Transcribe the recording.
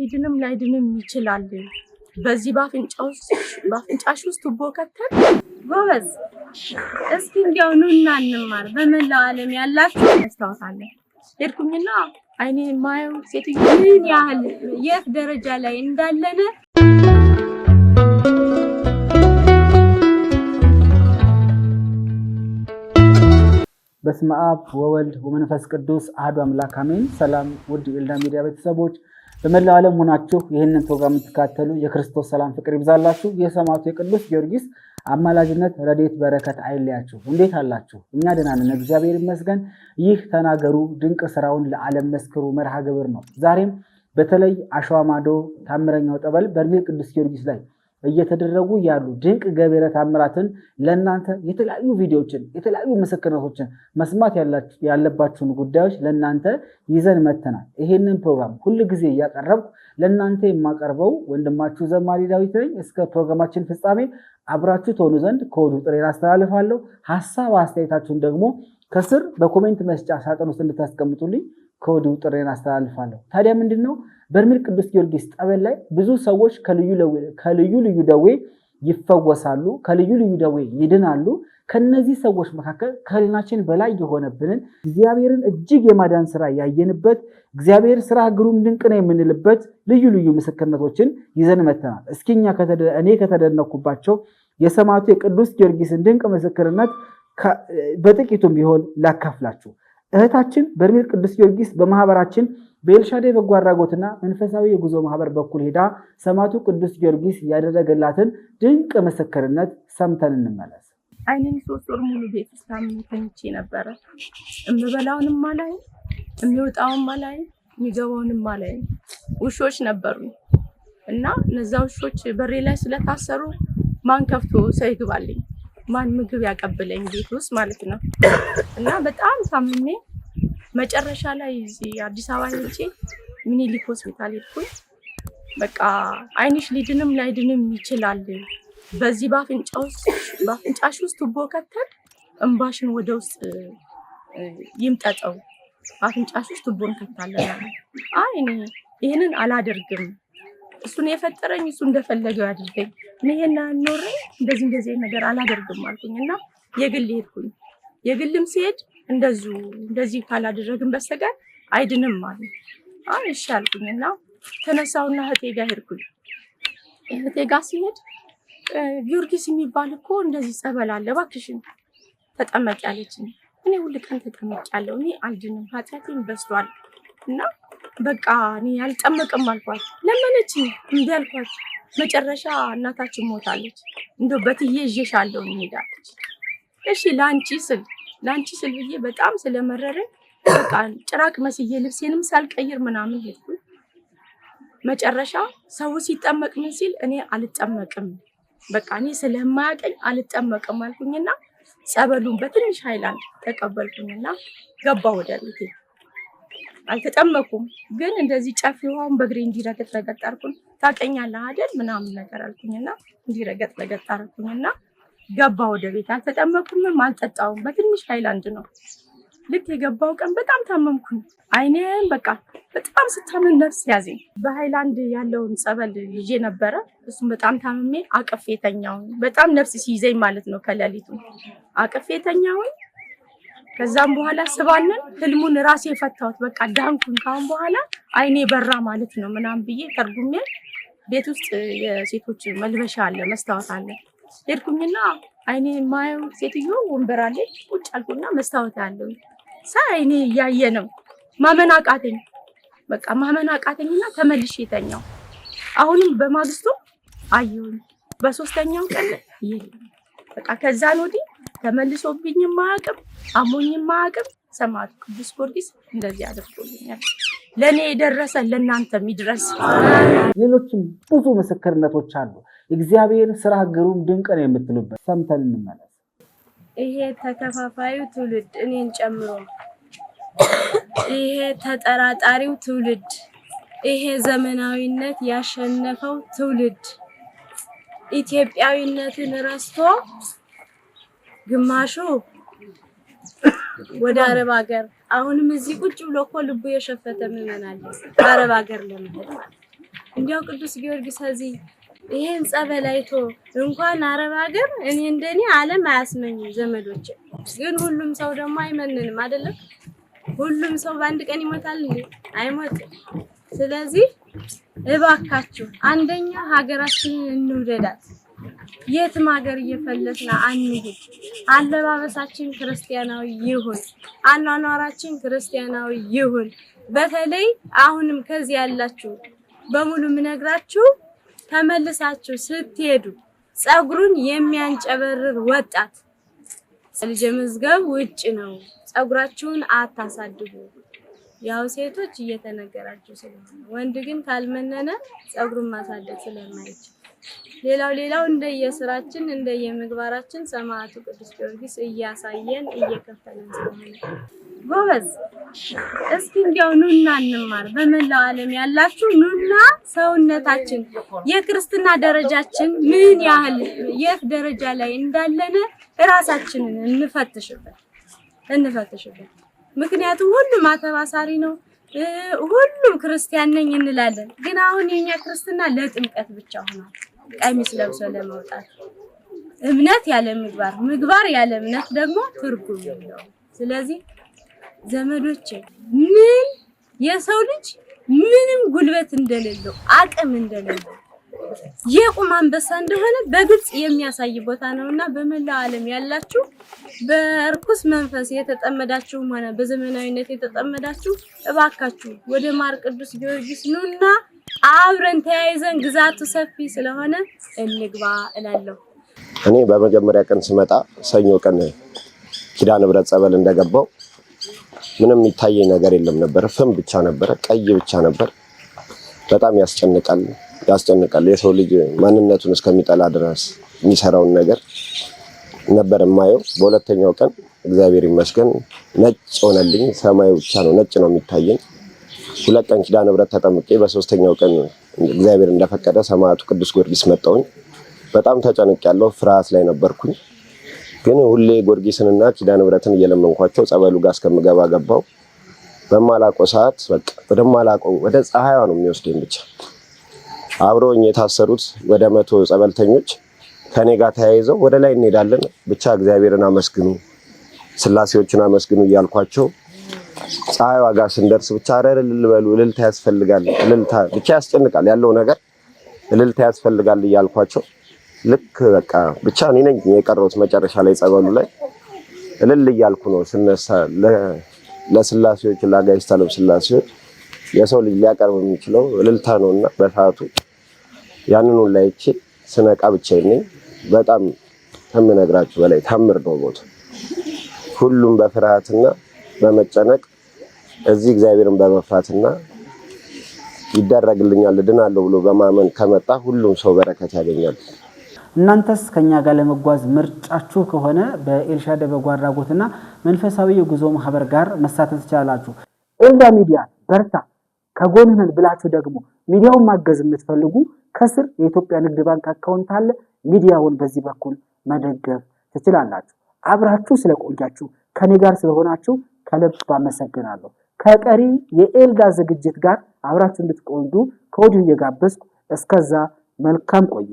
ሊድንም ላይድንም ይችላል። በዚህ በአፍንጫሽ ውስጥ ቱቦ ከተል። ጎበዝ። እስኪ እንዲያው ኑና እንማር። በመላው ዓለም ያላችሁ ያስታውሳለን። ሄድኩኝና አይኔ ማየው ሴትዮ ምን ያህል የት ደረጃ ላይ እንዳለነ በስመ አብ ወወልድ ወመንፈስ ቅዱስ አህዱ አምላክ አሜን። ሰላም ውድ ኤልዳ ሚዲያ ቤተሰቦች በመላው ዓለም ሆናችሁ ይህንን ፕሮግራም የምትካተሉ የክርስቶስ ሰላም ፍቅር ይብዛላችሁ። የሰማዕቱ የቅዱስ ጊዮርጊስ አማላጅነት ረድኤት በረከት አይለያችሁ። እንዴት አላችሁ? እኛ ደህና ነን፣ እግዚአብሔር ይመስገን። ይህ ተናገሩ ድንቅ ስራውን ለዓለም መስክሩ መርሃ ግብር ነው። ዛሬም በተለይ አሸዋ ማዶ ታምረኛው ጠበል በርሜል ቅዱስ ጊዮርጊስ ላይ እየተደረጉ ያሉ ድንቅ ገቢረ ተአምራትን ለእናንተ የተለያዩ ቪዲዮዎችን የተለያዩ ምስክርነቶችን መስማት ያለባችሁን ጉዳዮች ለእናንተ ይዘን መተናል። ይሄንን ፕሮግራም ሁል ጊዜ እያቀረብኩ ለእናንተ የማቀርበው ወንድማችሁ ዘማሪ ዳዊት ነኝ። እስከ ፕሮግራማችን ፍጻሜ አብራችሁ ትሆኑ ዘንድ ከወዱ ጥሬን አስተላልፋለሁ። ሀሳብ አስተያየታችሁን ደግሞ ከስር በኮሜንት መስጫ ሳጥን ውስጥ እንድታስቀምጡልኝ ከወዲሁ ጥሬን አስተላልፋለሁ። ታዲያ ምንድን ነው በርሜል ቅዱስ ጊዮርጊስ ጠበል ላይ ብዙ ሰዎች ከልዩ ልዩ ደዌ ይፈወሳሉ፣ ከልዩ ልዩ ደዌ ይድናሉ። ከነዚህ ሰዎች መካከል ከህሊናችን በላይ የሆነብንን እግዚአብሔርን እጅግ የማዳን ስራ ያየንበት እግዚአብሔር ስራ ግሩም ድንቅ ነው የምንልበት ልዩ ልዩ ምስክርነቶችን ይዘን መተናል። እስኪ እኔ ከተደነኩባቸው የሰማዕቱ የቅዱስ ጊዮርጊስን ድንቅ ምስክርነት በጥቂቱም ቢሆን ላካፍላችሁ። እህታችን በርሜል ቅዱስ ጊዮርጊስ በማህበራችን በኤልሻዴ በጎ አድራጎትና መንፈሳዊ የጉዞ ማህበር በኩል ሄዳ ሰማዕቱ ቅዱስ ጊዮርጊስ ያደረገላትን ድንቅ ምስክርነት ሰምተን እንመለስ። አይኔን ሶስት ወር ሙሉ ቤት ውስጥ ተኝቼ ነበረ። የምበላውንም አላይም፣ የሚወጣውም አላይም፣ የሚገባውንም አላይም። ውሾች ነበሩ እና እነዛ ውሾች በሬ ላይ ስለታሰሩ ማን ከፍቶ ሰው ይግባልኝ ማን ምግብ ያቀብለኝ ቤት ውስጥ ማለት ነው። እና በጣም ታምሜ መጨረሻ ላይ አዲስ አበባ ሄጄ ሚኒሊክ ሆስፒታል ሄድኩኝ። በቃ አይንሽ ሊድንም ላይድንም ይችላል። በዚህ በአፍንጫሽ ውስጥ ቱቦ ከተል እንባሽን ወደ ውስጥ ይምጠጠው፣ በአፍንጫሽ ውስጥ ቱቦ እንከታለን። አይ ይህንን አላደርግም እሱን የፈጠረኝ እሱ እንደፈለገው ያድርገኝ። ይሄን ኖሬ እንደዚህ እንደዚህ ነገር አላደርግም አልኩኝ እና የግል ሄድኩኝ። የግልም ሲሄድ እንደዙ እንደዚህ ካላደረግን በስተቀር አይድንም አሉ። አይ እሺ አልኩኝ እና ተነሳውና እህቴ ጋር ሄድኩኝ። እህቴ ጋር ሲሄድ ጊዮርጊስ የሚባል እኮ እንደዚህ ጸበል አለ፣ እባክሽን ተጠመቂ አለችኝ። እኔ ሁል ቀን ተጠመቂ ያለው እኔ አልድንም ኃጢአቴን በስቷል እና በቃ እኔ አልጠመቅም አልኳት። ለመነች እምቢ አልኳት። መጨረሻ እናታችን ሞታለች። እንደ በትዬ እዤሻለሁ እንሄዳለች። እሺ ለአንቺ ስል ለአንቺ ስል ብዬ በጣም ስለመረረኝ በቃ ጭራቅ መስዬ ልብሴንም ሳልቀይር ምናምን ሄድኩ። መጨረሻ ሰው ሲጠመቅ ምን ሲል እኔ አልጠመቅም በቃ እኔ ስለማያቀኝ አልጠመቅም አልኩኝና ጸበሉን በትንሽ ሀይላንድ ተቀበልኩኝና ገባ ወደ ቤቴ አልተጠመኩም፣ ግን እንደዚህ ጨፌዋን በእግሬ እንዲረገጥ ረገጥ አርኩኝ። ታውቀኛለህ አይደል ምናምን ነገር አልኩኝና እንዲረገጥ ረገጥ ገባ ወደ ቤት። አልተጠመኩም አልጠጣውም። በትንሽ ሃይላንድ ነው። ልክ የገባው ቀን በጣም ታመምኩኝ። አይኔ በቃ በጣም ስታመም ነፍስ ያዘኝ። በሃይላንድ ያለውን ጸበል ይዤ ነበረ። እሱም በጣም ታምሜ አቅፌ የተኛውኝ። በጣም ነፍስ ሲይዘኝ ማለት ነው። ከሌሊቱ አቅፌ የተኛውኝ ከዛም በኋላ ስባንን ህልሙን ራሴ የፈታሁት በቃ ዳንኩን፣ ካሁን በኋላ አይኔ በራ ማለት ነው ምናምን ብዬ ተርጉሜ ቤት ውስጥ የሴቶች መልበሻ አለ፣ መስታወት አለ። ሄድኩኝና አይኔ የማየው ሴትዮ ወንበር አለ ቁጭ አልኩና መስታወት አለው ሳ አይኔ እያየ ነው። ማመን አቃተኝ፣ በቃ ማመን አቃተኝና ተመልሼ የተኛው። አሁንም በማግስቱ አየሁኝ፣ በሶስተኛው ቀን የለም። በቃ ከዛን ወዲህ ተመልሶብኝም አያውቅም፣ አሞኝም አያውቅም። ሰማዕቱ ቅዱስ ጊዮርጊስ እንደዚህ አድርጎልኛል። ለእኔ የደረሰ ለእናንተም ይድረስ። ሌሎችም ብዙ ምስክርነቶች አሉ። እግዚአብሔር ስራ ግሩም ድንቅ ነው የምትሉበት ሰምተን እንመለስ። ይሄ ተከፋፋዩ ትውልድ እኔን ጨምሮ፣ ይሄ ተጠራጣሪው ትውልድ፣ ይሄ ዘመናዊነት ያሸነፈው ትውልድ ኢትዮጵያዊነትን ረስቶ ግማሹ ወደ አረብ ሀገር አሁንም እዚህ ቁጭ ብሎ እኮ ልቡ የሸፈተ ምዕመን አረብ ሀገር ለመሄድ እንዲያው ቅዱስ ጊዮርጊስ እዚህ ይሄን ጸበል አይቶ እንኳን አረብ ሀገር እኔ እንደኔ ዓለም አያስመኝም። ዘመዶች ግን ሁሉም ሰው ደግሞ አይመንንም አይደለም። ሁሉም ሰው በአንድ ቀን ይሞታል እንዴ? አይሞትም። ስለዚህ እባካችሁ አንደኛ ሀገራችንን እንውደዳት። የትም ሀገር እየፈለስን አንሂድ። አለባበሳችን ክርስቲያናዊ ይሁን፣ አኗኗራችን ክርስቲያናዊ ይሁን። በተለይ አሁንም ከዚህ ያላችሁ በሙሉ የምነግራችሁ ተመልሳችሁ ስትሄዱ ፀጉሩን የሚያንጨበርር ወጣት ልጅ መዝገብ ውጭ ነው። ጸጉራችሁን አታሳድጉ። ያው ሴቶች እየተነገራችሁ ስለሆነ፣ ወንድ ግን ካልመነነ ጸጉሩን ማሳደግ ስለማይችል ሌላው ሌላው እንደየስራችን እንደየምግባራችን ሰማዕቱ ቅዱስ ጊዮርጊስ እያሳየን እየከፈለን ስለሆነ ጎበዝ። እስኪ እንዲያው ኑና እንማር። በመላው ዓለም ያላችሁ ኑና ሰውነታችን የክርስትና ደረጃችን ምን ያህል የት ደረጃ ላይ እንዳለን እራሳችንን እንፈትሽበት እንፈትሽበት። ምክንያቱም ሁሉም አተባሳሪ ነው። ሁሉም ክርስቲያን ነኝ እንላለን። ግን አሁን የኛ ክርስትና ለጥምቀት ብቻ ሆኗል፣ ቀሚስ ለብሶ ለመውጣት። እምነት ያለ ምግባር፣ ምግባር ያለ እምነት ደግሞ ትርጉም የለውም። ስለዚህ ዘመዶቼ ምን የሰው ልጅ ምንም ጉልበት እንደሌለው አቅም እንደሌለው የቁም አንበሳ እንደሆነ በግልጽ የሚያሳይ ቦታ ነው እና በመላው ዓለም ያላችሁ በእርኩስ መንፈስ የተጠመዳችሁም ሆነ በዘመናዊነት የተጠመዳችሁ እባካችሁ ወደ ማር ቅዱስ ጊዮርጊስ ኑና አብረን ተያይዘን ግዛቱ ሰፊ ስለሆነ እንግባ እላለሁ። እኔ በመጀመሪያ ቀን ስመጣ ሰኞ ቀን ኪዳን ህብረት ጸበል እንደገባው ምንም የሚታየኝ ነገር የለም ነበር። ፍም ብቻ ነበረ፣ ቀይ ብቻ ነበር። በጣም ያስጨንቃል። ያስጨንቃል። የሰው ልጅ ማንነቱን እስከሚጠላ ድረስ የሚሰራውን ነገር ነበር የማየው። በሁለተኛው ቀን እግዚአብሔር ይመስገን ነጭ ሆነልኝ። ሰማዩ ብቻ ነው ነጭ ነው የሚታየኝ። ሁለት ቀን ኪዳነ ምሕረት ተጠምቄ በሶስተኛው ቀን እግዚአብሔር እንደፈቀደ ሰማዕቱ ቅዱስ ጊዮርጊስ መጣውኝ። በጣም ተጨንቅ ያለው ፍርሃት ላይ ነበርኩኝ። ግን ሁሌ ጊዮርጊስንና ኪዳነ ምሕረትን እየለመንኳቸው ጸበሉ ጋር እስከምገባ ገባው። በማላቆ ሰዓት በቃ ወደማላቆ ወደ ፀሐይዋ ነው የሚወስደኝ ብቻ አብረውኝ የታሰሩት ወደ መቶ ጸበልተኞች ከኔ ጋር ተያይዘው ወደ ላይ እንሄዳለን፣ ብቻ እግዚአብሔርን አመስግኑ፣ ስላሴዎችን አመስግኑ እያልኳቸው ፀሐይዋ ጋር ስንደርስ ብቻ ረር ልልበሉ እልልታ ያስፈልጋል፣ እልልታ ብቻ ያስጨንቃል፣ ያለው ነገር እልልታ ያስፈልጋል እያልኳቸው ልክ በቃ ብቻ እኔ ነኝ የቀረሁት መጨረሻ ላይ ጸበሉ ላይ እልል እያልኩ ነው ስነሳ ለስላሴዎች ለአጋዕዝተ ዓለም ስላሴዎች የሰው ልጅ ሊያቀርብ የሚችለው እልልታ ነውና በሰዓቱ ያንኑን ላይቼ ስነቃ ብቻዬን ነኝ። በጣም ከምነግራችሁ በላይ ታምር ነው ቦታ። ሁሉም በፍርሃትና በመጨነቅ እዚህ እግዚአብሔርን በመፍራትና ይደረግልኛል እድናለሁ ብሎ በማመን ከመጣ ሁሉም ሰው በረከት ያገኛል። እናንተስ ከኛ ጋር ለመጓዝ ምርጫችሁ ከሆነ በኤልሻዳይ በጎ አድራጎትና መንፈሳዊ የጉዞ ማህበር ጋር መሳተፍ ትችላላችሁ። ኤልዳ ሚዲያ በርታ ከጎንህን ብላችሁ ደግሞ ሚዲያውን ማገዝ የምትፈልጉ ከስር የኢትዮጵያ ንግድ ባንክ አካውንት አለ። ሚዲያውን በዚህ በኩል መደገፍ ትችላላችሁ። አብራችሁ ስለቆያችሁ ከኔ ጋር ስለሆናችሁ ከልብ አመሰግናለሁ። ከቀሪ የኤልዳ ዝግጅት ጋር አብራችሁ እንድትቆዩ ከወዲሁ እየጋበዝኩ እስከዛ መልካም ቆይ